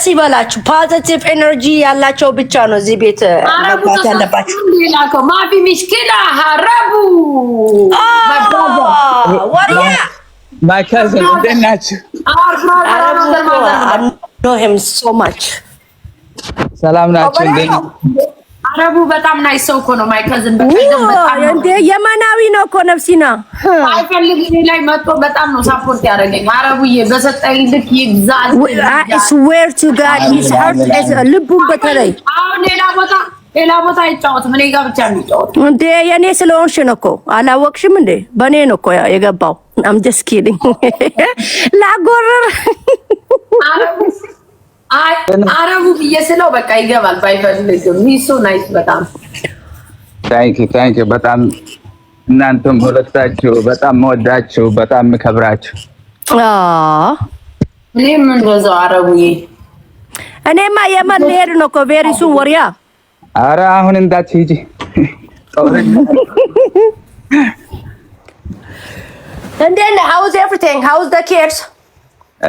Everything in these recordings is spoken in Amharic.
ደስ ይበላችሁ። ፖዘቲቭ ኤነርጂ ያላቸው ብቻ ነው እዚህ ቤት መግባት ያለባችሁ። ማፊ ሚሽኪላ ሀረቡ ወሪያ ማካዘን እንደት ናችሁ? ሰላም ናቸው። አረቡ በጣም ናይ ሰው እኮ ነው። ማይከዝን እንደ የመናዊ ነው እኮ ነፍሲና አይፈልግ እኔ ላይ መጥቶ በጣም ነው ሳፖርት ያደረገኝ። አረቡዬ በሰጠኝ ልክ ይግዛል። ስዌር ቱ ጋድ ሂዝ ሀርት ልቡን በተለይ አሁን ሌላ ቦታ ሌላ ቦታ አይጫወትም። እኔ ጋር ብቻ የሚጫወት እንደ የእኔ ስለሆንሽ ነው እኮ አላወቅሽም እንዴ? በእኔ ነው እኮ የገባው። አም ጀስት ኪዲንግ ላጎረር አረቡ ብዬ ስለው በቃ ይገባል። ባይፈልግም ሚሱ ናይስ በጣም ታንክ ዩ ታንክ ዩ በጣም እናንተም ሁለታችሁ በጣም መወዳችሁ በጣም የምከብራችሁ። እኔም እንደዛው አረቡዬ። እኔማ የመን ልሄድ ነው እኮ ቬሪሱን ወሪያ። አረ አሁን እንዳትሄጂ እንዴት ነህ? ሀውዝ ኤቭሪቲንግ ሀውዝ ዘ ኪድስ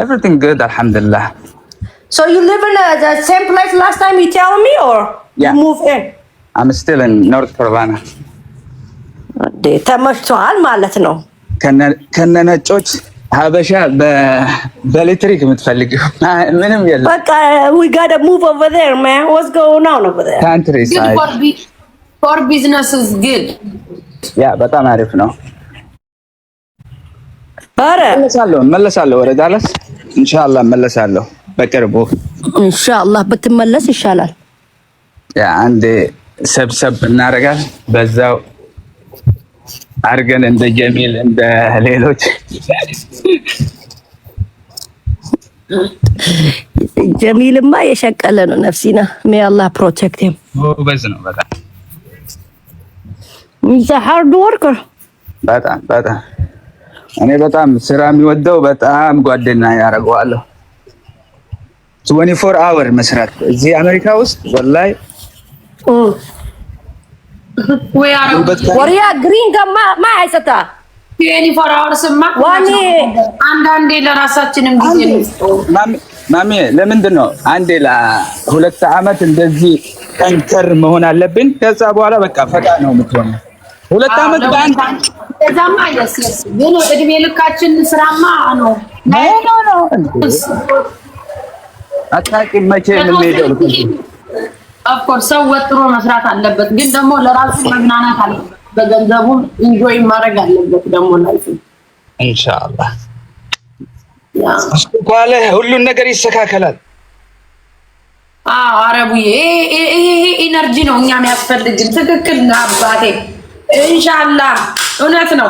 ኤቭሪቲንግ ጉድ አልሐምዱሊላህ So you live in uh, the same place last time you tell me or yeah. you move in? I'm still in North Carolina. ተመችቷል ማለት ነው። ከነ ሀበሻ በኤሌክትሪክ የምትፈልጊው ምንም የለም። በቃ we gotta move over there man. What's going on over there? Country side. For business is good. Yeah, በጣም አሪፍ ነው። ኧረ መለሳለሁ፣ መለሳለሁ ወደ ዳላስ ኢንሻአላህ መለሳለሁ። በቅርቡ ኢንሻአላህ ብትመለስ ይሻላል። አንድ ሰብሰብ እናደርጋል በዛው አድርገን እንደ ጀሚል እንደ ሌሎች ጀሚልማ የሸቀለ ነው። ነፍሲና ሜያላ ፕሮቴክት ሂም ነው በጣም ኢዝ ሃርድ ወርከር በጣም በጣም እኔ በጣም ስራ የሚወደው በጣም ጓደኛ ያደርገዋለሁ። ትወኒ ፎር አወር መስራት እዚህ አሜሪካ ውስጥ ወላሂ ወሪያ ግሪን ማ አይሰታ ትወኒ ፎር አወር ስማ ዋኒ አንዳንዴ ለራሳችንም ጊዜ ማሚ ለምንድን ነው አንዴ ለሁለት ዓመት እንደዚህ ጠንከር መሆን አለብን። ከዛ በኋላ በቃ ፈቃ ነው የምትሆነው። ሁለት ዓመት በአንድ ከዛማ አይደስ ግን እድሜ ልካችን ስራማ ነው ነው ነው አታውቂም መቼ የምንሄደው። ኦፍኮርስ ሰው ወጥሮ መስራት አለበት፣ ግን ደግሞ ለራሱ መዝናናት አለበት። በገንዘቡም ኢንጆይ ማድረግ አለበት። ደግሞ ላይፍ ኢንሻአላህ ኳለ ሁሉን ነገር ይስተካከላል። አረቡዬ፣ ይሄ ኢነርጂ ነው እኛ የሚያስፈልግን። ትክክል አባቴ። ኢንሻአላህ እውነት ነው።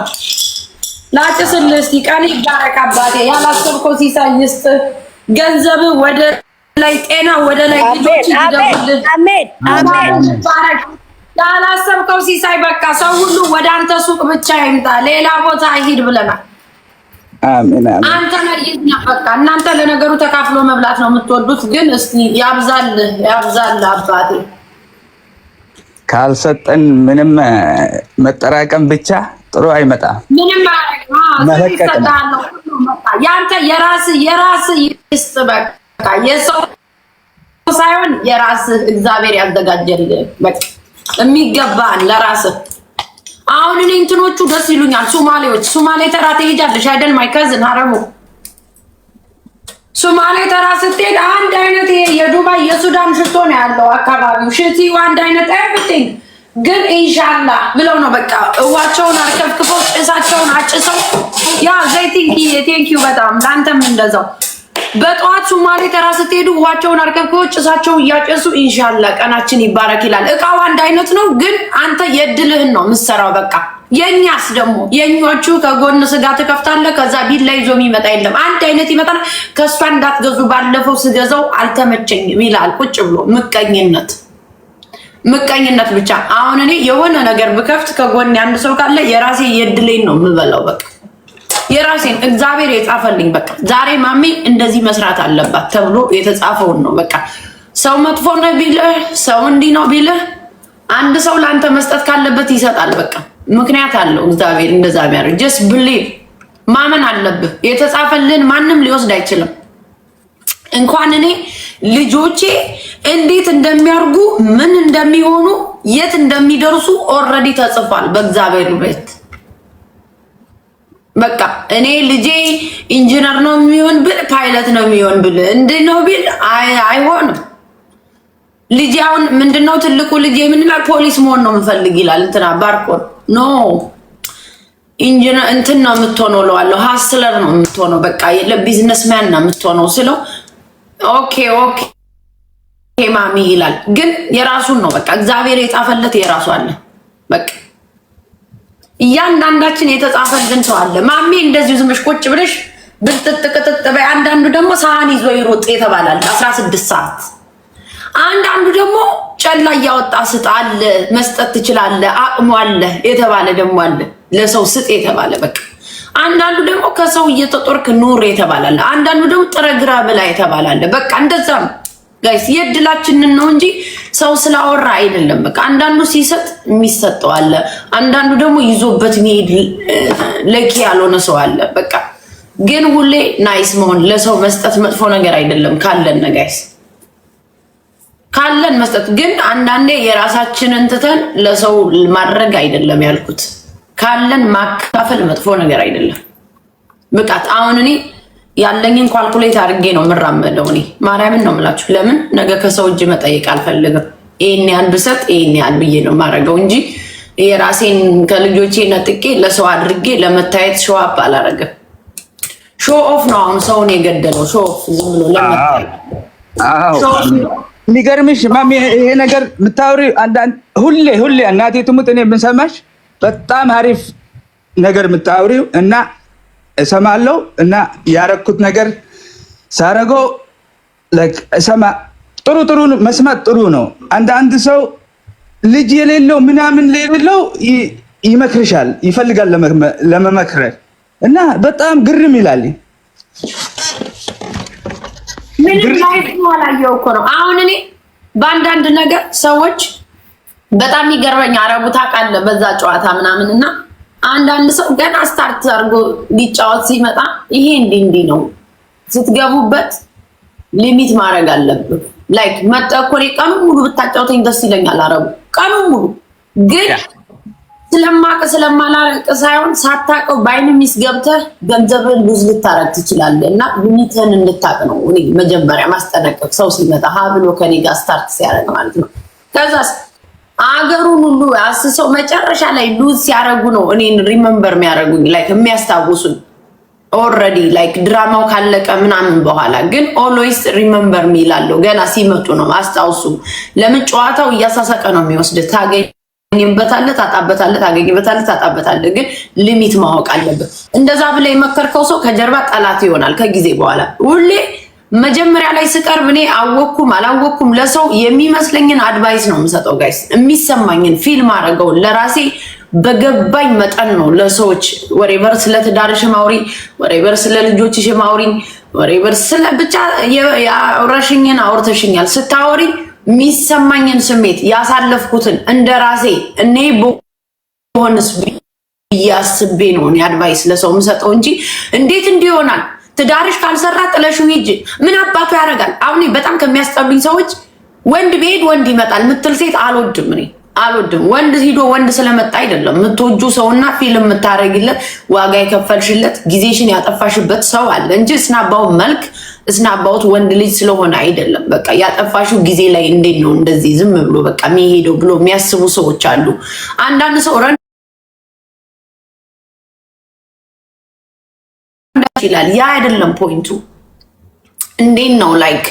ላጭስልህ እስኪ ቀን ይባረክ አባቴ። ያላሰብከው ሲሳይስጥ ገንዘብ ወደ ላይ ጤና ወደ ላይ ልጆች ያላሰብከው ሲሳይ በቃ ሰው ሁሉ ወደ አንተ ሱቅ ብቻ ይምጣ፣ ሌላ ቦታ ይሂድ ብለናል። አንተ መርይዝ በቃ እናንተ ለነገሩ ተካፍሎ መብላት ነው የምትወዱት፣ ግን እስቲ ያብዛል ያብዛል አባቴ። ካልሰጠን ምንም መጠራቀም ብቻ ጥሩ አይመጣም። ምንም ያንተ የራስ የራስ ይስጥ በቃ በቃ የሰው ሳይሆን የራስህ እግዚአብሔር ያዘጋጀልህ በቃ የሚገባህን ለራስህ። አሁን እኔ እንትኖቹ ደስ ይሉኛል። ሶማሌዎች ሶማሌ ተራ ትሄጃለሽ አይደል? ማይከዝን አረሙ ሶማሌ ተራ ስትሄድ አንድ አይነት ይሄ የዱባይ የሱዳን ሽቶ ነው ያለው አካባቢው ሽቲ አንድ አይነት ኤቭሪቲንግ ግን ኢንሻላ ብለው ነው በቃ እዋቸውን አርከፍክፈው ጭሳቸውን አጭሰው ያ ዘይ ቲንክ በጣም ለአንተም እንደዛው በጠዋት ሱማሌ ተራ ስትሄዱ ውሃቸውን አርከብክቦ ጭሳቸው እያጨሱ ኢንሻላ ቀናችን ይባረክ ይላል። እቃው አንድ አይነት ነው፣ ግን አንተ የድልህን ነው የምትሰራው። በቃ የእኛስ ደግሞ የእኞቹ ከጎን ስጋ ትከፍታለህ። ከዛ ቢላ ይዞ የሚመጣ የለም፣ አንድ አይነት ይመጣል። ከእሷ እንዳትገዙ ባለፈው ስገዛው አልተመቸኝም ይላል። ቁጭ ብሎ ምቀኝነት ምቀኝነት ብቻ። አሁን እኔ የሆነ ነገር ብከፍት ከጎን አንድ ሰው ካለ የራሴ የድሌን ነው የምበላው በቃ የራሴን እግዚአብሔር የጻፈልኝ በቃ ዛሬ ማሜ እንደዚህ መስራት አለባት ተብሎ የተጻፈውን ነው። በቃ ሰው መጥፎ ነው ቢልህ፣ ሰው እንዲህ ነው ቢልህ፣ አንድ ሰው ለአንተ መስጠት ካለበት ይሰጣል። በቃ ምክንያት አለው እግዚአብሔር እንደዛ ቢያደርግ። ጀስት ብሌቭ ማመን አለብህ። የተጻፈልን ማንም ሊወስድ አይችልም። እንኳን እኔ ልጆቼ እንዴት እንደሚያርጉ ምን እንደሚሆኑ የት እንደሚደርሱ ኦልሬዲ ተጽፏል በእግዚአብሔር ቤት። በቃ እኔ ልጄ ኢንጂነር ነው የሚሆን ብል ፓይለት ነው የሚሆን ብል እንዲህ ነው ቢል አይሆንም። ልጅ አሁን ምንድነው ትልቁ ልጅ የምንላል ፖሊስ መሆን ነው የምፈልግ ይላል። እንትና ባርኮን ኖ ኢንጂነር እንትን ነው የምትሆነው እለዋለሁ። ሀስለር ነው የምትሆነው በቃ ለቢዝነስማን ነው የምትሆነው ስለው ኦኬ ኦኬ ማሚ ይላል። ግን የራሱን ነው በቃ እግዚአብሔር የጻፈለት የራሱ አለ በቃ እያንዳንዳችን የተጻፈልን ሰው አለ። ማሜ እንደዚሁ ዝም ቁጭ ብለሽ ብልጥጥቅጥጥ በይ። አንዳንዱ ደግሞ ሳህን ይዞ ይሮጥ የተባላል 16 ሰዓት። አንዳንዱ ደግሞ ጨላ እያወጣ ስጥ አለ። መስጠት ትችላለ፣ አቅሙ አለ የተባለ ደግሞ አለ። ለሰው ስጥ የተባለ በቃ አንዳንዱ ደግሞ ከሰው እየተጦርክ ኑር የተባላለ። አንዳንዱ ደግሞ ጥረግራ ብላ የተባላለ። በቃ እንደዛ ነው። ጋይስ የድላችንን ነው እንጂ ሰው ስላወራ አይደለም። በቃ አንዳንዱ ሲሰጥ የሚሰጠው አለ፣ አንዳንዱ ደግሞ ይዞበት የሚሄድ ለኪ ያልሆነ ሰው አለ። በቃ ግን ሁሌ ናይስ መሆን ለሰው መስጠት መጥፎ ነገር አይደለም። ካለን ጋይስ ካለን መስጠት ግን አንዳንዴ የራሳችንን ትተን ለሰው ማድረግ አይደለም ያልኩት። ካለን ማካፈል መጥፎ ነገር አይደለም። ብቃት አሁን እኔ ያለኝን ኳልኩሌት አድርጌ ነው የምራመደው። እኔ ማርያምን ነው የምላችሁ። ለምን ነገ ከሰው እጅ መጠየቅ አልፈልግም። ይህን ያህል ብሰጥ ይህን ያህል ብዬ ነው የማደርገው እንጂ የራሴን ከልጆቼ ነጥቄ ለሰው አድርጌ ለመታየት ሸዋ አፕ አላደርግም። ሾ ኦፍ ነው አሁን ሰውን የገደለው። ሾ ኦፍ ዝም ብሎ የሚገርምሽ ይሄ ነገር የምታወሪው ሁሌ ሁሌ እናቴ ትሙት እኔ የምንሰማሽ በጣም አሪፍ ነገር የምታወሪው እና እሰማለው እና ያረኩት ነገር ሳረገው እሰማ ጥሩ ጥሩ መስማት ጥሩ ነው። አንድ አንድ ሰው ልጅ የሌለው ምናምን የሌለው ይመክርሻል ይፈልጋል ለመመክረ እና በጣም ግርም ይላል። ምንም ላይላየው እኮ ነው። አሁን እኔ በአንዳንድ ነገር ሰዎች በጣም ይገርመኝ። አረቡ ታውቃለህ፣ በዛ ጨዋታ ምናምን እና አንዳንድ ሰው ገና ስታርት አድርጎ ሊጫወት ሲመጣ ይሄ እንዲህ እንዲህ ነው ስትገቡበት ሊሚት ማድረግ አለብን። ላይክ መጠኮኔ ቀኑን ሙሉ ብታጫውተኝ ደስ ይለኛል። አረቡ ቀኑን ሙሉ ግን ስለማቀ ስለማላረቅ ሳይሆን ሳታቀው በአይን ሚስ ገብተህ ገንዘብህን ብዙ ልታረግ ትችላለህ። እና ሊሚትህን እንድታቅ ነው እኔ መጀመሪያ ማስጠነቀቅ ሰው ሲመጣ ሀብሎ ከኔ ጋር ስታርት ሲያደርግ ማለት ነው ከዛስ አገሩን ሁሉ አስሰው መጨረሻ ላይ ሉዝ ያረጉ ነው እኔን ሪመምበር የሚያደርጉኝ ላይክ የሚያስታውሱኝ። ኦልሬዲ ላይክ ድራማው ካለቀ ምናምን በኋላ ግን ኦልዌይስ ሪመምበር ሚላለው ገና ሲመጡ ነው አስታውሱ። ለምን ጨዋታው እያሳሰቀ ነው የሚወስድ። ታገኝበታለህ፣ ታጣበታለህ፣ ታገኝበታለህ፣ ታጣበታለ። ግን ሊሚት ማወቅ አለብህ። እንደዛ ብለ የመከርከው ሰው ከጀርባ ጠላት ይሆናል ከጊዜ በኋላ ሁሌ መጀመሪያ ላይ ስቀርብ እኔ አወኩም አላወኩም ለሰው የሚመስለኝን አድቫይስ ነው የምሰጠው። ጋይስ የሚሰማኝን ፊልም አድርገውን ለራሴ በገባኝ መጠን ነው ለሰዎች ወሬቨር ስለ ትዳርሽ ማውሪ፣ ወሬቨር ስለ ልጆችሽ ማውሪ፣ ወሬቨር ስለ ብቻ የአውረሽኝን አውርተሽኛል። ስታወሪ የሚሰማኝን ስሜት ያሳለፍኩትን እንደ ራሴ እኔ በሆንስ ብዬ አስቤ ነው አድቫይስ ለሰው የምሰጠው እንጂ እንዴት እንዲሆናል ትዳርሽ ካልሰራ ጥለሽው ሂጂ። ምን አባቱ ያደርጋል? አሁን በጣም ከሚያስጠሉኝ ሰዎች ወንድ ብሄድ ወንድ ይመጣል ምትል ሴት አልወድም እኔ አልወድም። ወንድ ሂዶ ወንድ ስለመጣ አይደለም የምትወጁ ሰውና ፊልም የምታደርጊለት ዋጋ የከፈልሽለት ጊዜሽን ያጠፋሽበት ሰው አለ እንጂ እስናባው መልክ እስናባውት ወንድ ልጅ ስለሆነ አይደለም። በቃ ያጠፋሽው ጊዜ ላይ እንዴት ነው እንደዚህ ዝም ብሎ በቃ የሚሄደው ብሎ የሚያስቡ ሰዎች አሉ። አንዳንድ ሰው ላክ ይላል። ያ አይደለም ፖይንቱ። እንዴት ነው ላይክ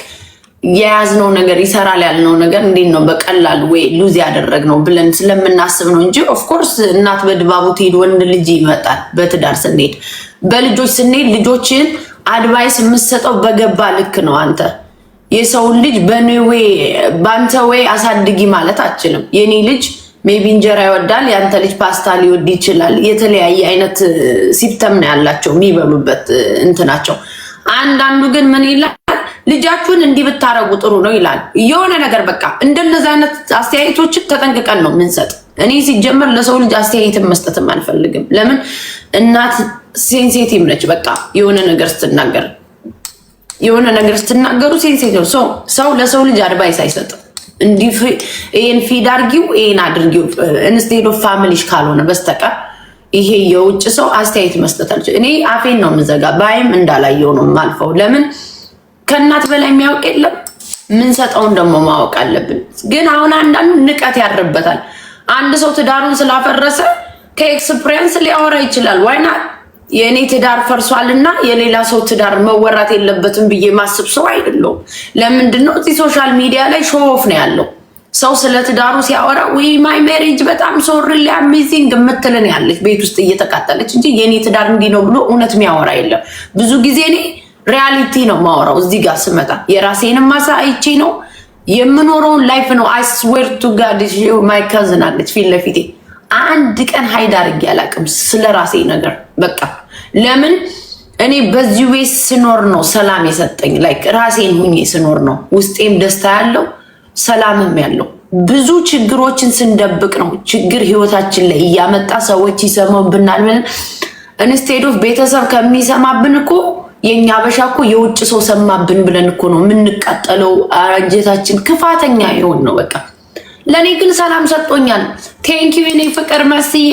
የያዝነው ነገር ይሰራል ያልነው ነገር እንዴት ነው በቀላል ወይ ሉዝ ያደረግነው ብለን ስለምናስብ ነው እንጂ ኦፍኮርስ እናት በድባቡ ትሄድ፣ ወንድ ልጅ ይመጣል። በትዳር ስንሄድ በልጆች ስንሄድ ልጆችን አድቫይስ የምትሰጠው በገባ ልክ ነው። አንተ የሰውን ልጅ በኔ ወይ በአንተ ወይ አሳድጊ ማለት አችልም። የኔ ልጅ ሜቢ እንጀራ ይወዳል፣ ያንተ ልጅ ፓስታ ሊወድ ይችላል። የተለያየ አይነት ሲስተም ነው ያላቸው የሚበሉበት እንትናቸው። አንዳንዱ ግን ምን ይላል ልጃችሁን እንዲህ ብታረጉ ጥሩ ነው ይላል። የሆነ ነገር በቃ እንደነዚ አይነት አስተያየቶችን ተጠንቅቀን ነው ምንሰጥ። እኔ ሲጀመር ለሰው ልጅ አስተያየትን መስጠትም አልፈልግም። ለምን እናት ሴንሴቲቭ ነች። በቃ የሆነ ነገር ስትናገር የሆነ ነገር ስትናገሩ ሴንሴቲቭ ሰው ለሰው ልጅ አድቫይስ አይሰጥም። ይህን ፊድ አድርጊው ይህን አድርጊው እንስቴዶ ፋሚሊሽ ካልሆነ በስተቀር ይሄ የውጭ ሰው አስተያየት መስጠት አልችል። እኔ አፌን ነው የምዘጋ፣ ባይም እንዳላየው ነው የማልፈው። ለምን ከእናት በላይ የሚያውቅ የለም። ምንሰጠውን ደግሞ ማወቅ አለብን። ግን አሁን አንዳንዱ ንቀት ያርበታል። አንድ ሰው ትዳሩን ስላፈረሰ ከኤክስፕሪንስ ሊያወራ ይችላል ዋይና የእኔ ትዳር ፈርሷልና የሌላ ሰው ትዳር መወራት የለበትም ብዬ ማስብ ሰው አይደለሁም። ለምንድን ነው እዚህ ሶሻል ሚዲያ ላይ ሾፍ ነው ያለው። ሰው ስለ ትዳሩ ሲያወራ ወይ ማይ ሜሪጅ በጣም ሶር አሜዚንግ የምትልን ያለች ቤት ውስጥ እየተቃጠለች እንጂ የእኔ ትዳር እንዲህ ነው ብሎ እውነት የሚያወራ የለም። ብዙ ጊዜ እኔ ሪያሊቲ ነው ማወራው። እዚህ ጋር ስመጣ የራሴንም ማሳ አይቼ ነው የምኖረውን ላይፍ ነው። አይ ስዌር ቱ ጋድ ማይ ከዝን አለች ፊት ለፊቴ። አንድ ቀን ሀይድ አድርጌ አላውቅም ስለ ራሴ ነገር በቃ ለምን እኔ በዚህ ቤት ስኖር ነው ሰላም የሰጠኝ። ላይክ ራሴን ሁኜ ስኖር ነው ውስጤም ደስታ ያለው ሰላምም ያለው። ብዙ ችግሮችን ስንደብቅ ነው ችግር ህይወታችን ላይ እያመጣ ሰዎች ይሰማብናል። ምን እንስቴድ ኦፍ ቤተሰብ ከሚሰማብን እኮ የእኛ አበሻ እኮ የውጭ ሰው ሰማብን ብለን እኮ ነው የምንቃጠለው። አረጀታችን ክፋተኛ የሆን ነው በቃ። ለእኔ ግን ሰላም ሰጥቶኛል። ቴንኪዩ የኔ ፍቅር መስዬ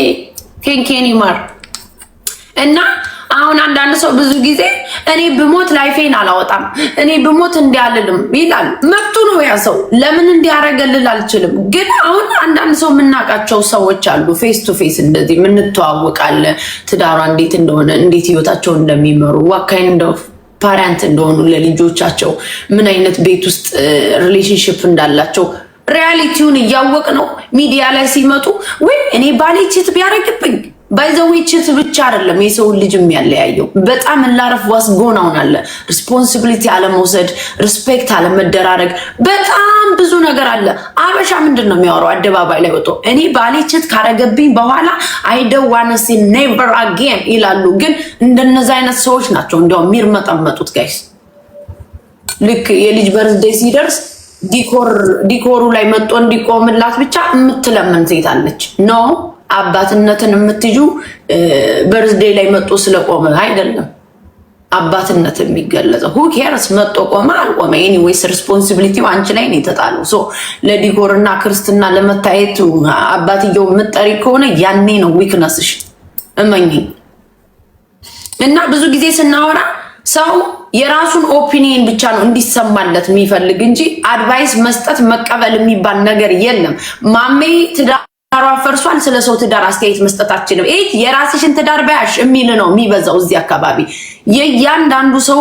ቴንኪዩ የኔ ማር እና አሁን አንዳንድ ሰው ብዙ ጊዜ እኔ ብሞት ላይፌን አላወጣም፣ እኔ ብሞት እንዲያልልም ይላል። መብቱ ነው ያ ሰው። ለምን እንዲያረገልል አልችልም። ግን አሁን አንዳንድ ሰው የምናውቃቸው ሰዎች አሉ፣ ፌስ ቱ ፌስ እንደዚህ የምንተዋወቃለ ትዳሯ እንዴት እንደሆነ እንዴት ህይወታቸው እንደሚመሩ ዋካይን እንደ ፓረንት እንደሆኑ ለልጆቻቸው ምን አይነት ቤት ውስጥ ሪሌሽንሽፕ እንዳላቸው ሪያሊቲውን እያወቅ ነው ሚዲያ ላይ ሲመጡ ወይ እኔ ባሌ ችት ቢያደርግብኝ ባይዘዌ ችት ብቻ አይደለም የሰውን ልጅ የሚያለያየው። በጣም እላረፍ ዋስ ጎን አለ ሪስፖንሲቢሊቲ አለመውሰድ፣ ሪስፔክት አለመደራረግ፣ በጣም ብዙ ነገር አለ። አበሻ ምንድን ነው የሚያወራው? አደባባይ ላይ ወጥቶ እኔ ባሌችት ካረገብኝ በኋላ አይደዋነሲ ኔቨር አጌን ይላሉ። ግን እንደነዚ አይነት ሰዎች ናቸው እንዲያውም የሚርመጠመጡት ጋይስ። ልክ የልጅ በርዝዴይ ሲደርስ ዲኮሩ ላይ መጥቶ እንዲቆምላት ብቻ የምትለምን ሴት አለች ነው አባትነትን የምትዩ በርዝዴ ላይ መጦ ስለቆመ አይደለም። አባትነት የሚገለጸው ሁ ኬርስ መጦ ቆመ አልቆመ፣ ኤኒዌይስ ሪስፖንሲቢሊቲው አንቺ ላይ ነው የተጣለው። ሶ ለዲኮር እና ክርስትና ለመታየቱ አባትየው የምጠሪ ከሆነ ያኔ ነው ዊክነስሽ። እመኝ እና ብዙ ጊዜ ስናወራ ሰው የራሱን ኦፒኒየን ብቻ ነው እንዲሰማለት የሚፈልግ እንጂ አድቫይስ መስጠት መቀበል የሚባል ነገር የለም። ማሜ ትዳ ትዳሯን ፈርሷል። ስለ ሰው ትዳር አስተያየት መስጠታችን ነው። ይህ የራስሽን ትዳር በያሽ የሚል ነው የሚበዛው እዚህ አካባቢ። የእያንዳንዱ ሰው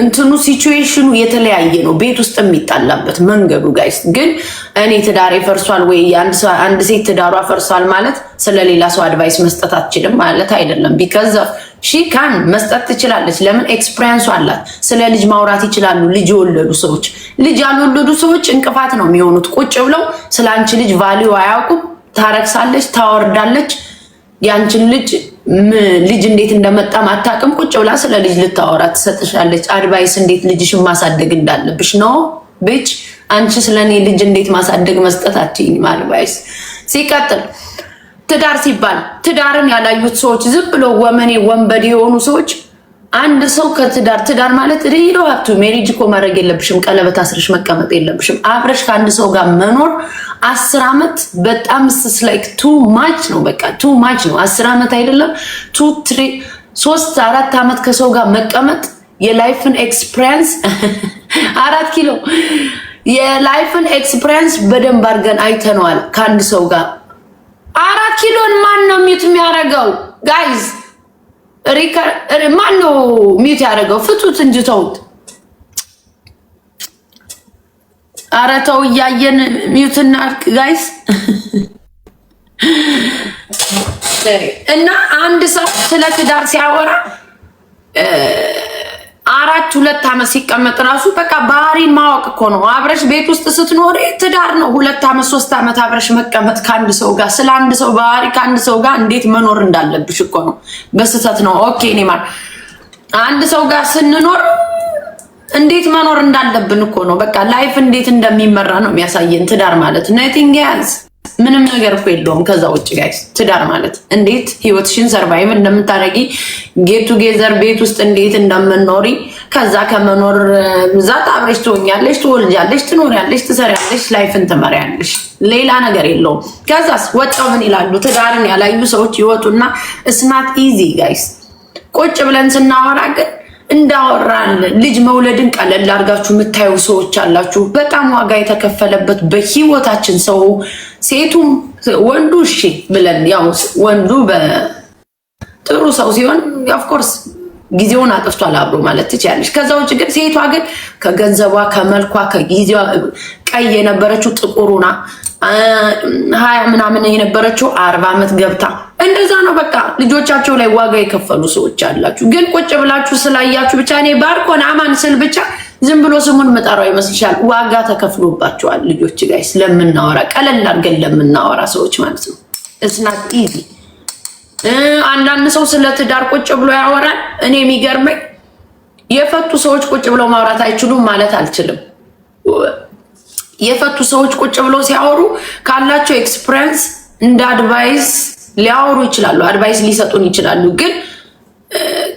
እንትኑ ሲቹዌሽኑ የተለያየ ነው። ቤት ውስጥ የሚጣላበት መንገዱ ጋይስ። ግን እኔ ትዳሬ ፈርሷል ወይ አንድ ሴት ትዳሯ ፈርሷል ማለት ስለሌላ ሰው አድቫይስ መስጠት ማለት አይደለም ቢከዛ ሺካን መስጠት ትችላለች። ለምን ኤክስፕሪንሱ አላት። ስለ ልጅ ማውራት ይችላሉ። ልጅ የወለዱ ሰዎች፣ ልጅ ያልወለዱ ሰዎች እንቅፋት ነው የሚሆኑት። ቁጭ ብለው ስለ አንቺ ልጅ ቫሊዩ አያውቁም። ታረግሳለች፣ ታወርዳለች። የአንቺን ልጅ ልጅ እንዴት እንደመጣ ማታቅም። ቁጭ ብላ ስለ ልጅ ልታወራ ትሰጥሻለች አድቫይስ፣ እንዴት ልጅሽን ማሳደግ እንዳለብሽ ነው ብች አንቺ ስለኔ ልጅ እንዴት ማሳደግ መስጠት አትይኝም አድቫይስ ሲቀጥል ትዳር ሲባል ትዳርን ያላዩት ሰዎች ዝም ብሎ ወመኔ ወንበድ የሆኑ ሰዎች አንድ ሰው ከትዳር ትዳር ማለት ሪሎ ሀብቱ ሜሪጅ እኮ ማድረግ የለብሽም ቀለበት አስረሽ መቀመጥ የለብሽም። አብረሽ ከአንድ ሰው ጋር መኖር አስር ዓመት በጣም ስስ ላይክ ቱ ማች ነው። በቃ ቱ ማች ነው። አስር ዓመት አይደለም ቱ ትሪ ሶስት አራት ዓመት ከሰው ጋር መቀመጥ የላይፍን ኤክስፕሪንስ አራት ኪሎ የላይፍን ኤክስፕሪንስ በደንብ አድርገን አይተነዋል ከአንድ ሰው ጋር አራት ኪሎን ማን ነው ሚውት የሚያደርገው? ጋይዝ ማን ነው ሚውት ያደርገው? ፍቱት እንጂ ተውት። ኧረ ተው እያየን ሚውት እናድርግ ጋይዝ። እና አንድ ሰው ስለ ትዳር ሲያወራ አራት ሁለት ዓመት ሲቀመጥ ራሱ በቃ ባህሪን ማወቅ እኮ ነው። አብረሽ ቤት ውስጥ ስትኖር ትዳር ነው። ሁለት ዓመት ሶስት ዓመት አብረሽ መቀመጥ ከአንድ ሰው ጋር ስለ አንድ ሰው ባህሪ ከአንድ ሰው ጋር እንዴት መኖር እንዳለብሽ እኮ ነው። በስህተት ነው። ኦኬ ኔማ አንድ ሰው ጋር ስንኖር እንዴት መኖር እንዳለብን እኮ ነው። በቃ ላይፍ እንዴት እንደሚመራ ነው የሚያሳየን ትዳር ማለት ነቲንግ ያዝ ምንም ነገር እኮ የለውም። ከዛ ውጭ ጋይስ ትዳር ማለት እንዴት ህይወትሽን ሰርቫይቭ እንደምታደርጊ ጌቱ ጌዘር ቤት ውስጥ እንዴት እንደምኖሪ ከዛ ከመኖር ብዛት አብረሽ ትሆኛለሽ፣ ትወልጃለሽ፣ ትኖሪያለሽ፣ ትሰሪያለሽ፣ ላይፍን ትመሪያለሽ። ሌላ ነገር የለውም። ከዛስ ወጣው ምን ይላሉ? ትዳርን ያላዩ ሰዎች ይወጡና እስናት ኢዚ ጋይስ ቁጭ ብለን ስናወራ ግን እንዳወራን ልጅ መውለድን ቀለል አድርጋችሁ የምታዩ ሰዎች አላችሁ። በጣም ዋጋ የተከፈለበት በህይወታችን ሰው ሴቱም ወንዱ እሺ ብለን ያው ወንዱ በጥሩ ሰው ሲሆን ኦፍኮርስ ጊዜውን አጥፍቷል አብሮ ማለት ትችላለች። ከዛ ውጭ ግን ሴቷ ግን ከገንዘቧ፣ ከመልኳ፣ ከጊዜዋ ቀይ የነበረችው ጥቁሩና ሀያ ምናምን የነበረችው አርባ ዓመት ገብታ እንደዛ ነው በቃ ልጆቻቸው ላይ ዋጋ የከፈሉ ሰዎች አላችሁ። ግን ቁጭ ብላችሁ ስላያችሁ ብቻ እኔ ባርኮን አማን ስል ብቻ ዝም ብሎ ስሙን መጠራው ይመስልሻል? ዋጋ ተከፍሎባቸዋል ልጆች ላይ ስለምናወራ ቀለል አድርገን ለምናወራ ሰዎች ማለት ነው። እስናት ኢዚ አንዳንድ ሰው ስለ ትዳር ቁጭ ብሎ ያወራል። እኔ የሚገርመኝ የፈቱ ሰዎች ቁጭ ብለው ማውራት አይችሉም ማለት አልችልም። የፈቱ ሰዎች ቁጭ ብለው ሲያወሩ ካላቸው ኤክስፕሪንስ እንደ አድቫይስ ሊያወሩ ይችላሉ፣ አድቫይስ ሊሰጡን ይችላሉ። ግን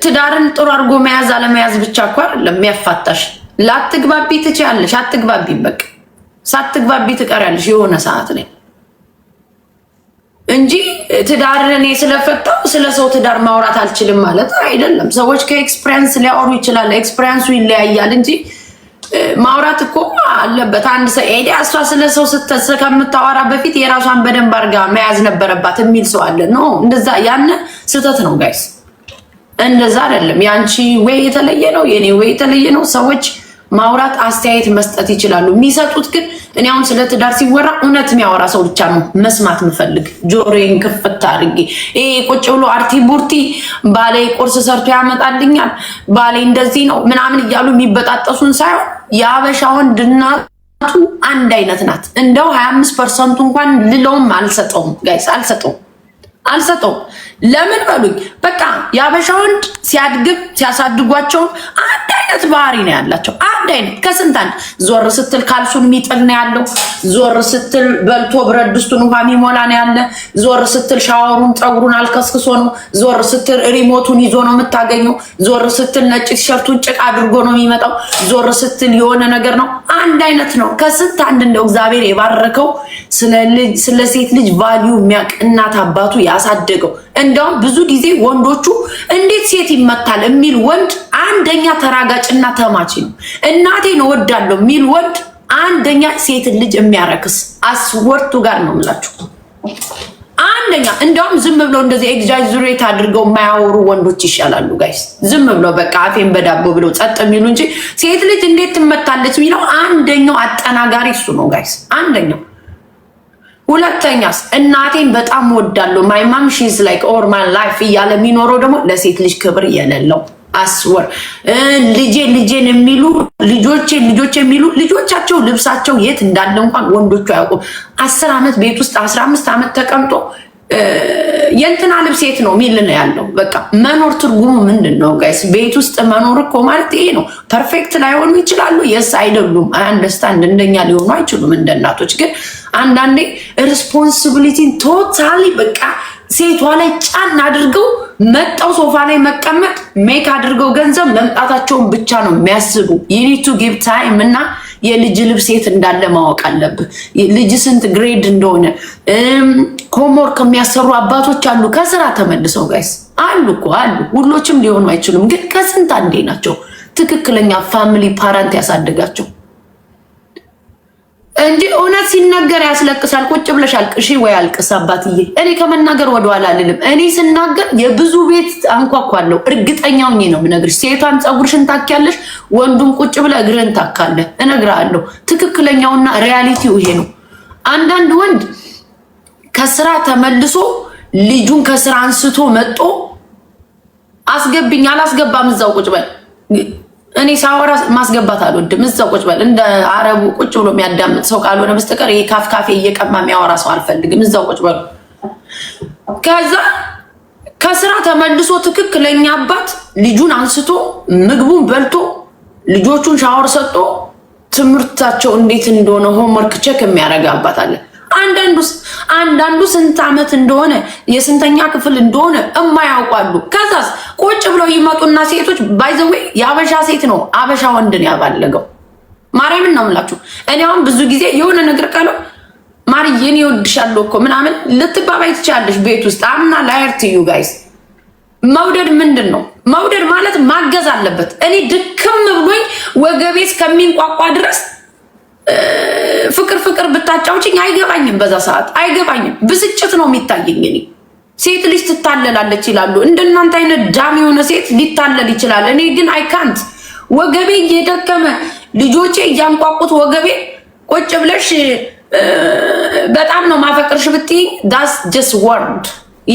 ትዳርን ጥሩ አድርጎ መያዝ አለመያዝ ብቻ እኮ አይደለም የሚያፋታሽ። ላትግባቢ ትችያለሽ፣ አትግባቢ በቃ ሳትግባቢ ትቀሪያለሽ የሆነ ሰዓት ላይ እንጂ ትዳርን እኔ ስለፈታው ስለ ሰው ትዳር ማውራት አልችልም ማለት አይደለም። ሰዎች ከኤክስፔሪንስ ሊያወሩ ይችላል። ኤክስፔሪንሱ ይለያያል እንጂ ማውራት እኮ አለበት። አንድ ሰው ኤዲ እሷ ስለ ሰው ከምታወራ በፊት የራሷን በደንብ አድርጋ መያዝ ነበረባት የሚል ሰው አለ። ኖ እንደዛ ያን ስህተት ነው ጋይስ፣ እንደዛ አይደለም። የአንቺ ወይ የተለየ ነው፣ የኔ ወይ የተለየ ነው። ሰዎች ማውራት አስተያየት መስጠት ይችላሉ። የሚሰጡት ግን እኔ አሁን ስለ ትዳር ሲወራ እውነት የሚያወራ ሰው ብቻ ነው መስማት ምፈልግ። ጆሮዬን ክፍት አድርጌ ይሄ ቁጭ ብሎ አርቲ ቡርቲ ባሌ ቁርስ ሰርቶ ያመጣልኛል፣ ባሌ እንደዚህ ነው ምናምን እያሉ የሚበጣጠሱን ሳይሆን የአበሻ ወንድና አንድ አይነት ናት። እንደው ሀያ አምስት ፐርሰንቱ እንኳን ልለውም አልሰጠውም ጋይስ አልሰጠውም። አልሰጠውም። ለምን በሉኝ፣ በቃ የአበሻ ወንድ ሲያድግም ሲያሳድጓቸውም አንድ አይነት ባህሪ ነው ያላቸው። አንድ አይነት ከስንት አንድ። ዞር ስትል ካልሱን የሚጥል ነው ያለው። ዞር ስትል በልቶ ብረት ድስቱን ውሃ የሚሞላ ነው ያለ። ዞር ስትል ሻወሩን ፀጉሩን አልከስክሶ ነው። ዞር ስትል ሪሞቱን ይዞ ነው የምታገኘው። ዞር ስትል ነጭ ቲሸርቱን ጭቃ አድርጎ ነው የሚመጣው። ዞር ስትል የሆነ ነገር ነው። አንድ አይነት ነው። ከስንት አንድ እንደው እግዚአብሔር የባረከው ስለ ሴት ልጅ ቫሊዩ የሚያውቅ እናት አባቱ ያ ያሳደገው። እንደውም ብዙ ጊዜ ወንዶቹ እንዴት ሴት ይመታል የሚል ወንድ አንደኛ ተራጋጭና ተማች ነው። እናቴን እወዳለሁ የሚል ወንድ አንደኛ ሴትን ልጅ የሚያረክስ አስወርቱ ጋር ነው የምላችሁ። አንደኛ እንደውም ዝም ብለው እንደዚህ ኤግዛጅሬት አድርገው የማያወሩ ወንዶች ይሻላሉ ጋይስ። ዝም ብለው በቃ አፌን በዳቦ ብለው ጸጥ የሚሉ እንጂ ሴት ልጅ እንዴት ትመታለች የሚለው አንደኛው አጠናጋሪ እሱ ነው ጋይስ፣ አንደኛው ሁለተኛስ እናቴን በጣም ወዳለሁ ማይ ማም ሺዝ ላይክ ኦር ማን ላይፍ እያለ የሚኖረው ደግሞ ለሴት ልጅ ክብር የሌለው አስወር ልጄ ልጄን የሚሉ ልጆቼ ልጆች የሚሉ ልጆቻቸው ልብሳቸው የት እንዳለ እንኳን ወንዶቹ አያውቁም። አስር ዓመት ቤት ውስጥ አስራ አምስት ዓመት ተቀምጦ የእንትና ልብስ የት ነው ሚል ነው ያለው። በቃ መኖር ትርጉሙ ምንድን ነው ጋይስ? ቤት ውስጥ መኖር እኮ ማለት ይሄ ነው። ፐርፌክት ላይሆኑ ይችላሉ። የስ አይደሉም። አንደርስታንድ እንደኛ ሊሆኑ አይችሉም። እንደ እናቶች ግን አንዳንዴ ሪስፖንሲቢሊቲን ቶታሊ በቃ ሴቷ ላይ ጫን አድርገው መጣው ሶፋ ላይ መቀመጥ ሜክ አድርገው ገንዘብ መምጣታቸውን ብቻ ነው የሚያስቡ። ዩኒቱ ጊቭ ታይም እና የልጅ ልብስ የት እንዳለ ማወቅ አለብህ። ልጅ ስንት ግሬድ እንደሆነ ሆምወርክ የሚያሰሩ አባቶች አሉ። ከስራ ተመልሰው ጋይስ አሉ እኮ አሉ። ሁሎችም ሊሆኑ አይችሉም፣ ግን ከስንት አንዴ ናቸው። ትክክለኛ ፋሚሊ ፓራንት ያሳድጋቸው። እንጂ እውነት ሲናገር ያስለቅሳል። ቁጭ ብለሽ አልቅሺ ወይ አልቅስ አባትዬ። እኔ ከመናገር ወደኋላ አልልም። እኔ ስናገር የብዙ ቤት አንኳኳለሁ። እርግጠኛ ነው የምነግርሽ። ሴቷን ፀጉርሽን ታኪያለሽ፣ ወንዱን ቁጭ ብለ እግርህን ታካለ። እነግርሃለሁ። ትክክለኛውና ሪያሊቲው ይሄ ነው። አንዳንድ ወንድ ከስራ ተመልሶ ልጁን ከስራ አንስቶ መጦ አስገብኝ አላስገባም እዛው ቁጭ በል እኔ ሳወራ ማስገባት አልወድም። እዛው ቁጭ በል እንደ አረቡ ቁጭ ብሎ የሚያዳምጥ ሰው ካልሆነ በስተቀር ይሄ ካፍ ካፌ እየቀማ የሚያወራ ሰው አልፈልግም። እዛው ቁጭ በሉ። ከዛ ከስራ ተመልሶ ትክክለኛ አባት ልጁን አንስቶ ምግቡን በልቶ ልጆቹን ሻወር ሰጥቶ ትምህርታቸው እንዴት እንደሆነ ሆምወርክ ቼክ የሚያደርግ አባት አለን። አንዳንዱ አንዳንዱ ስንት ዓመት እንደሆነ የስንተኛ ክፍል እንደሆነ እማያውቋሉ። ከዛስ ቁጭ ብለው ይመጡና ሴቶች ባይዘዌ የአበሻ ሴት ነው አበሻ ወንድን ያባለገው ማርያምን ነው የምላችሁ። እኔ አሁን ብዙ ጊዜ የሆነ ነገር ካለው ማርዬን ይወድሻለሁ እኮ ምናምን ልትባባይ ትችላለሽ። ቤት ውስጥ አምና ላየርት ዩ ጋይስ መውደድ ምንድን ነው? መውደድ ማለት ማገዝ አለበት። እኔ ድክም ብሎኝ ወገቤ እስከሚንቋቋ ድረስ ፍቅር ፍቅር ብታጫውችኝ አይገባኝም። በዛ ሰዓት አይገባኝም፣ ብስጭት ነው የሚታየኝ። እኔ ሴት ልጅ ትታለላለች ይላሉ። እንደናንተ አይነት ዳም የሆነ ሴት ሊታለል ይችላል። እኔ ግን አይካንት ወገቤ እየደከመ ልጆቼ እያንቋቁት ወገቤ ቁጭ ብለሽ በጣም ነው ማፈቅርሽ ብትይኝ ዳስ ጀስ ወርድ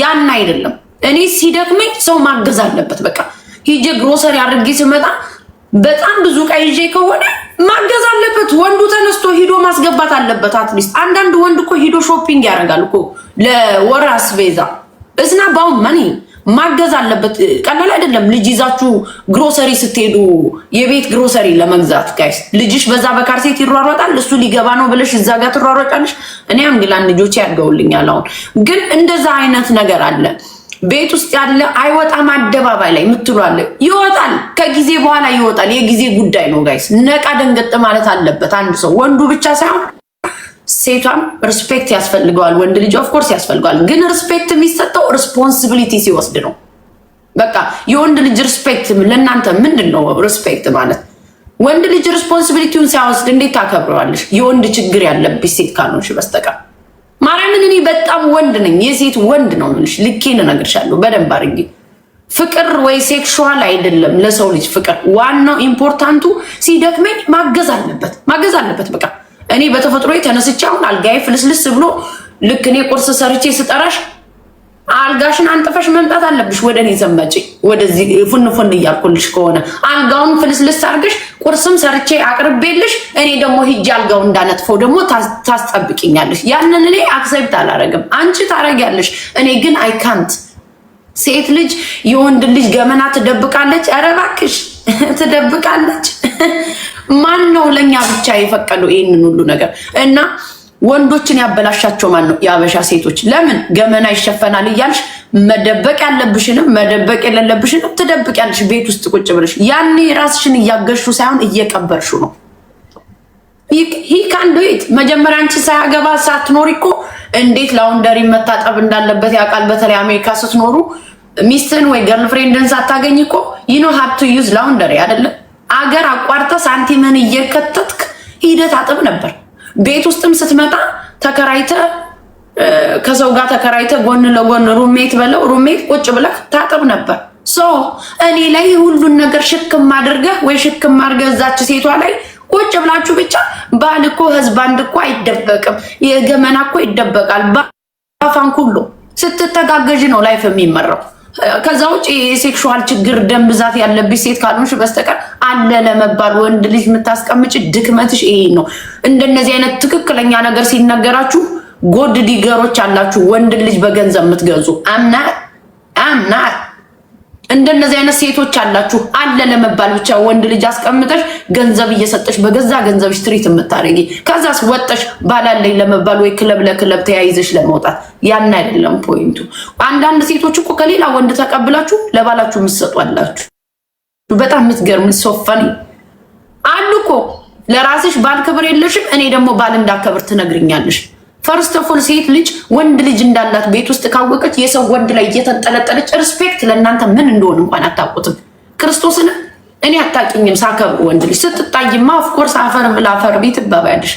ያን አይደለም። እኔ ሲደክመኝ ሰው ማገዝ አለበት። በቃ ሂጄ ግሮሰሪ አድርጌ ስመጣ በጣም ብዙ ቃይ ከሆነ ማገዝ አለበት። መገንባት አለበት። አትሊስት አንዳንድ ወንድ እኮ ሂዶ ሾፒንግ ያደርጋል እኮ ለወር አስቤዛ እዝና ባውን መኒ ማገዝ አለበት። ቀላል አይደለም። ልጅ ይዛችሁ ግሮሰሪ ስትሄዱ የቤት ግሮሰሪ ለመግዛት ጋይስ፣ ልጅሽ በዛ በካርሴት ይሯሯጣል፣ እሱ ሊገባ ነው ብለሽ እዛ ጋር ትሯሯጫለሽ። እኔ አንግላን ልጆች ያድገውልኛል። አሁን ግን እንደዛ አይነት ነገር አለ። ቤት ውስጥ ያለ አይወጣም፣ አደባባይ ላይ የምትሏለ ይወጣል። ከጊዜ በኋላ ይወጣል። የጊዜ ጉዳይ ነው ጋይስ። ነቃ ደንገጥ ማለት አለበት አንድ ሰው፣ ወንዱ ብቻ ሳይሆን ሴቷም ሪስፔክት ያስፈልገዋል። ወንድ ልጅ ኦፍኮርስ ያስፈልገዋል፣ ግን ሪስፔክት የሚሰጠው ሪስፖንሲቢሊቲ ሲወስድ ነው። በቃ የወንድ ልጅ ሪስፔክት ለእናንተ ምንድን ነው? ሪስፔክት ማለት ወንድ ልጅ ሪስፖንሲቢሊቲውን ሳይወስድ እንዴት ታከብረዋለሽ? የወንድ ችግር ያለብሽ ሴት ካልሆንሽ በስተቀር ማርያምን እኔ በጣም ወንድ ነኝ፣ የሴት ወንድ ነው የምልሽ። ልኬን እነግርሻለሁ በደንብ አድርጌ። ፍቅር ወይ ሴክሹዋል አይደለም ለሰው ልጅ ፍቅር። ዋናው ኢምፖርታንቱ ሲደክመኝ ማገዝ አለበት፣ ማገዝ አለበት። በቃ እኔ በተፈጥሮ ተነስቼ አሁን አልጋዬ ፍልስልስ ብሎ ልክ እኔ ቁርስ ሰርቼ ስጠራሽ አልጋሽን አንጥፈሽ መምጣት አለብሽ። ወደ እኔ ዘመጪ ወደዚህ ፉን ፉን እያልኩልሽ ከሆነ አልጋውን ፍልስልስ አድርግሽ ቁርስም ሰርቼ አቅርቤልሽ፣ እኔ ደግሞ ሂጅ አልጋው እንዳነጥፈው ደግሞ ታስጠብቂኛለሽ። ያንን እኔ አክሴፕት አላረግም። አንቺ ታረጊያለሽ፣ እኔ ግን አይካንት ሴት ልጅ የወንድ ልጅ ገመና ትደብቃለች። ኧረ እባክሽ ትደብቃለች። ማን ነው ለእኛ ብቻ የፈቀደው ይህንን ሁሉ ነገር እና ወንዶችን ያበላሻቸው ማን ነው? የአበሻ ሴቶች። ለምን ገመና ይሸፈናል እያልሽ መደበቅ ያለብሽንም መደበቅ የሌለብሽንም ያለሽ ቤት ውስጥ ቁጭ ብለሽ። ያኔ ራስሽን እያገሹ ሳይሆን እየቀበርሹ ነው። ሂካንዶት መጀመሪያ አንቺ ሳያገባ ሳትኖሪ እኮ እንዴት ላውንደሪ መታጠብ እንዳለበት ያውቃል። በተለይ አሜሪካ ስትኖሩ ሚስትን ወይ ገርልፍሬንድን ሳታገኝ እኮ ይኖ ሀብቱ ዩዝ ላውንደሪ አይደለም አገር አቋርጠ ሳንቲምን እየከተትክ ሂደት አጥብ ነበር። ቤት ውስጥም ስትመጣ ተከራይተ ከሰው ጋር ተከራይተ ጎን ለጎን ሩሜት በለው ሩሜት ቁጭ ብለህ ታጥብ ነበር። ሶ እኔ ላይ ሁሉን ነገር ሽክም አድርገህ ወይ ሽክም አድርገህ እዛች ሴቷ ላይ ቁጭ ብላችሁ ብቻ ባል እኮ ህዝብ አንድ እኮ አይደበቅም። የገመና እኮ ይደበቃል። ባፋን ሁሉ ስትተጋገዥ ነው ላይፍ የሚመራው። ከዛ ውጭ የሴክሹዋል ችግር ደም ብዛት ያለብሽ ሴት ካልሆንሽ በስተቀር አለ ለመባል ወንድ ልጅ የምታስቀምጭ ድክመትሽ ይሄ ነው። እንደነዚህ አይነት ትክክለኛ ነገር ሲነገራችሁ ጎድ ዲገሮች አላችሁ፣ ወንድ ልጅ በገንዘብ የምትገዙ አምና አምና እንደነዚህ አይነት ሴቶች አላችሁ። አለ ለመባል ብቻ ወንድ ልጅ አስቀምጠሽ ገንዘብ እየሰጠሽ በገዛ ገንዘብሽ ትሪት የምታደርጊ ከዛስ ወጠሽ ባላለኝ ለመባል ወይ ክለብ ለክለብ ተያይዘሽ ለመውጣት ያን አይደለም ፖይንቱ። አንዳንድ ሴቶች እኮ ከሌላ ወንድ ተቀብላችሁ ለባላችሁ የምትሰጡ አላችሁ። በጣም የምትገርም ሶፈን አሉ እኮ ለራስሽ ባል ክብር የለሽም። እኔ ደግሞ ባል እንዳከብር ትነግርኛለሽ። ፈርስት ኦፍ ኦል ሴት ልጅ ወንድ ልጅ እንዳላት ቤት ውስጥ ካወቀች የሰው ወንድ ላይ እየተንጠለጠለች ሪስፔክት ለእናንተ ምን እንደሆነ እንኳን አታውቁትም። ክርስቶስን እኔ አታውቂኝም ሳከብር ወንድ ልጅ ስትጣይማ ኦፍኮርስ አፈር ብላ አፈር ቤት ትባባያለሽ።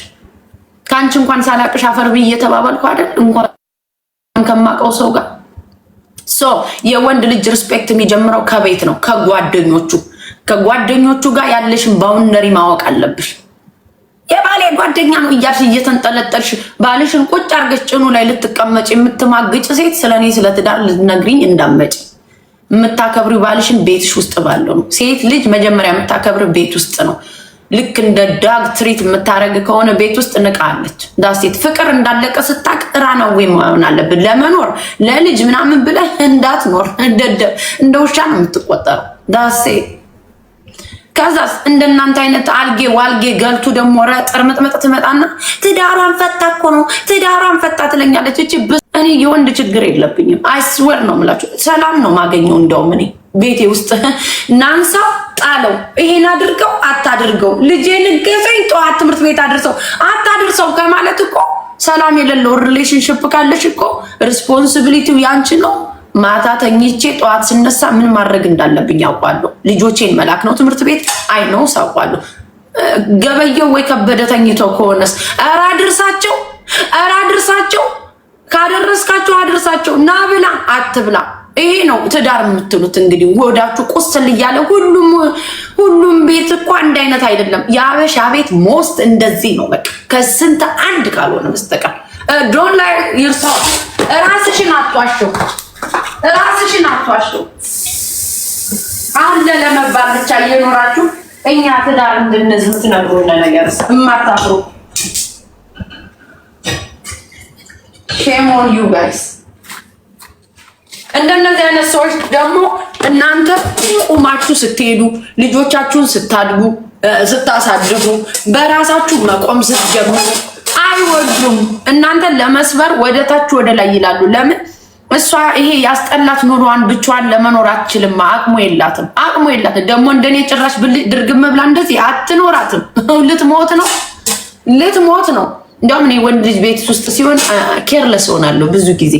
ከአንቺ እንኳን ሳላቅሽ አፈር ብዬ እየተባባልኩ አይደል እንኳን ከማውቀው ሰው ጋር ሶ የወንድ ልጅ ሪስፔክት የሚጀምረው ከቤት ነው፣ ከጓደኞቹ ከጓደኞቹ ጋር ያለሽን ባውንደሪ ማወቅ አለብሽ። የባሌ ጓደኛ ነው እያልሽ እየተንጠለጠልሽ ባልሽን ቁጭ አርገሽ ጭኑ ላይ ልትቀመጭ የምትማግጭ ሴት ስለ እኔ ስለ ትዳር ልትነግሪኝ እንዳመጭ። የምታከብሪው ባልሽን ቤትሽ ውስጥ ባለው ነው። ሴት ልጅ መጀመሪያ የምታከብር ቤት ውስጥ ነው። ልክ እንደ ዳግ ትሪት የምታደረግ ከሆነ ቤት ውስጥ ንቃለች። ዳሴት ፍቅር እንዳለቀ ስታቅ ራናዌ መሆን አለብን ለመኖር ለልጅ ምናምን ብለህ እንዳትኖር እንደ ውሻ ነው የምትቆጠረው ዳሴ ከዛስ እንደናንተ አይነት አልጌ ዋልጌ ገልቱ ደግሞ ረ ጥርምጥምጥ ትመጣና ትዳሯን ፈታ እኮ ነው ትዳሯን ፈታ ትለኛለች። እቺ እኔ የወንድ ችግር የለብኝም። አይስወር ነው ምላችሁ። ሰላም ነው ማገኘው። እንደውም እኔ ቤቴ ውስጥ ናንሳው፣ ጣለው፣ ይሄን አድርገው፣ አታድርገው፣ ልጄን ገዘኝ፣ ጠዋት ትምህርት ቤት አድርሰው፣ አታድርሰው ከማለት እኮ ሰላም የሌለው ሪሌሽንሽፕ ካለሽ እኮ ሪስፖንሲቢሊቲው ያንቺ ነው። ማታ ተኝቼ ጠዋት ስነሳ ምን ማድረግ እንዳለብኝ አውቃለሁ። ልጆቼን መላክ ነው ትምህርት ቤት አይ ነው ሳውቃለሁ። ገበየው ወይ ከበደ ተኝተው ከሆነስ ኧረ አድርሳቸው፣ ኧረ አድርሳቸው፣ ካደረስካቸው አድርሳቸው፣ ና ብላ አትብላ። ይሄ ነው ትዳር የምትሉት እንግዲህ ወዳችሁ ቁስል እያለ ሁሉም ሁሉም ቤት እኮ አንድ አይነት አይደለም። የአበሻ ቤት ሞስት እንደዚህ ነው። በቃ ከስንት አንድ ካልሆነ በስተቀር ዶን ላይ ይርሰዋል። ራስሽን አቷሽው ራስሽን አቷሽ አለ ለመባል ብቻ እየኖራችሁ እኛ ትዳር እንድንዝም ትነግሩን ነገር እማታፍሩ ሼም ዩ ጋይስ። እንደነዚህ አይነት ሰዎች ደግሞ እናንተ ቁማችሁ ስትሄዱ ልጆቻችሁን ስታድጉ ስታሳድጉ በራሳችሁ መቆም ስትጀምሩ አይወዱም። እናንተ ለመስበር ወደታችሁ ወደ ላይ ይላሉ። ለምን እሷ ይሄ ያስጠላት ኑሯን ብቻዋን ለመኖር አትችልም። አቅሙ የላትም፣ አቅሙ የላትም። ደግሞ እንደኔ ጭራሽ ድርግም ብላ እንደዚህ አትኖራትም። ልትሞት ነው፣ ልትሞት ነው። እንዲሁም እኔ ወንድ ልጅ ቤት ውስጥ ሲሆን ኬርለስ ሆናለሁ ብዙ ጊዜ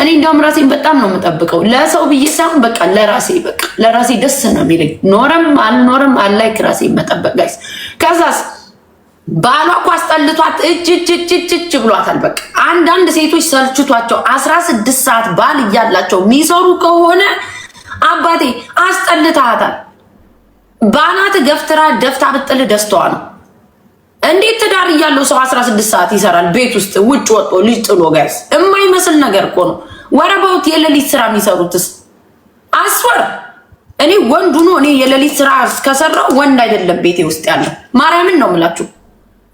እኔ እንዲሁም ራሴን በጣም ነው የምጠብቀው። ለሰው ብዬ ሳይሆን በቃ ለራሴ በቃ ለራሴ ደስ ነው የሚለኝ። ኖረም አልኖረም አላይክ ራሴ መጠበቅ ጋይስ ከዛስ ባሏ ኳስ አስጠልቷት እጅ እጅ እጅ ብሏታል። በቃ አንዳንድ ሴቶች ሰልችቷቸው አስራ ስድስት ሰዓት ባል እያላቸው የሚሰሩ ከሆነ አባቴ አስጠልታታል። ባናት ገፍትራ ደፍታ ብጥል ደስተዋ ነው። እንዴት ትዳር እያለው ሰው 16 ሰዓት ይሰራል? ቤት ውስጥ ውጭ ወጦ ልጅ ጥሎ ጋይስ፣ የማይመስል ነገር እኮ ነው። ወረባውት የሌሊት ስራ የሚሰሩትስ አስፈር እኔ ወንድ ሆኖ እኔ የሌሊት ስራ ከሰራው ወንድ አይደለም ቤቴ ውስጥ ያለው ማርያምን ነው የምላችሁ።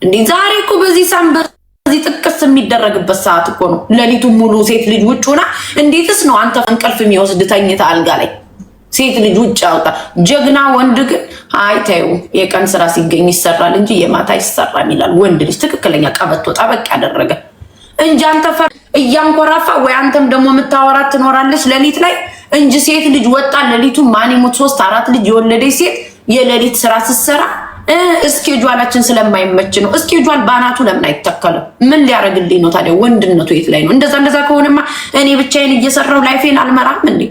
እንዲህ ዛሬ እኮ በዚህ ሰንበት በዚህ ጥቅስ የሚደረግበት ሰዓት እኮ ነው። ለሊቱ ሙሉ ሴት ልጅ ውጭ ሆና እንዴትስ ነው አንተ እንቅልፍ የሚወስድ ተኝታ አልጋ ላይ ሴት ልጅ ውጭ አውጣ። ጀግና ወንድ ግን አይ የቀን ስራ ሲገኝ ይሰራል እንጂ የማታ ይሰራም ይላል ወንድ ልጅ። ትክክለኛ ቀበቶ ጠበቅ ያደረገ እንጂ አንተ ፈ እያንኮራፋ ወይ አንተም ደግሞ የምታወራት ትኖራለች ለሊት ላይ እንጂ ሴት ልጅ ወጣ ለሊቱ ማን ሶስት አራት ልጅ የወለደች ሴት የሌሊት ስራ ስትሰራ እስኬጇላችን ስለማይመች ነው። እስኬጇል በአናቱ ለምን አይተከልም? ምን ሊያደርግልኝ ነው ታዲያ? ወንድነቱ የት ላይ ነው? እንደዛ እንደዛ ከሆነማ እኔ ብቻዬን እየሰራው ላይፌን አልመራም እንዴ?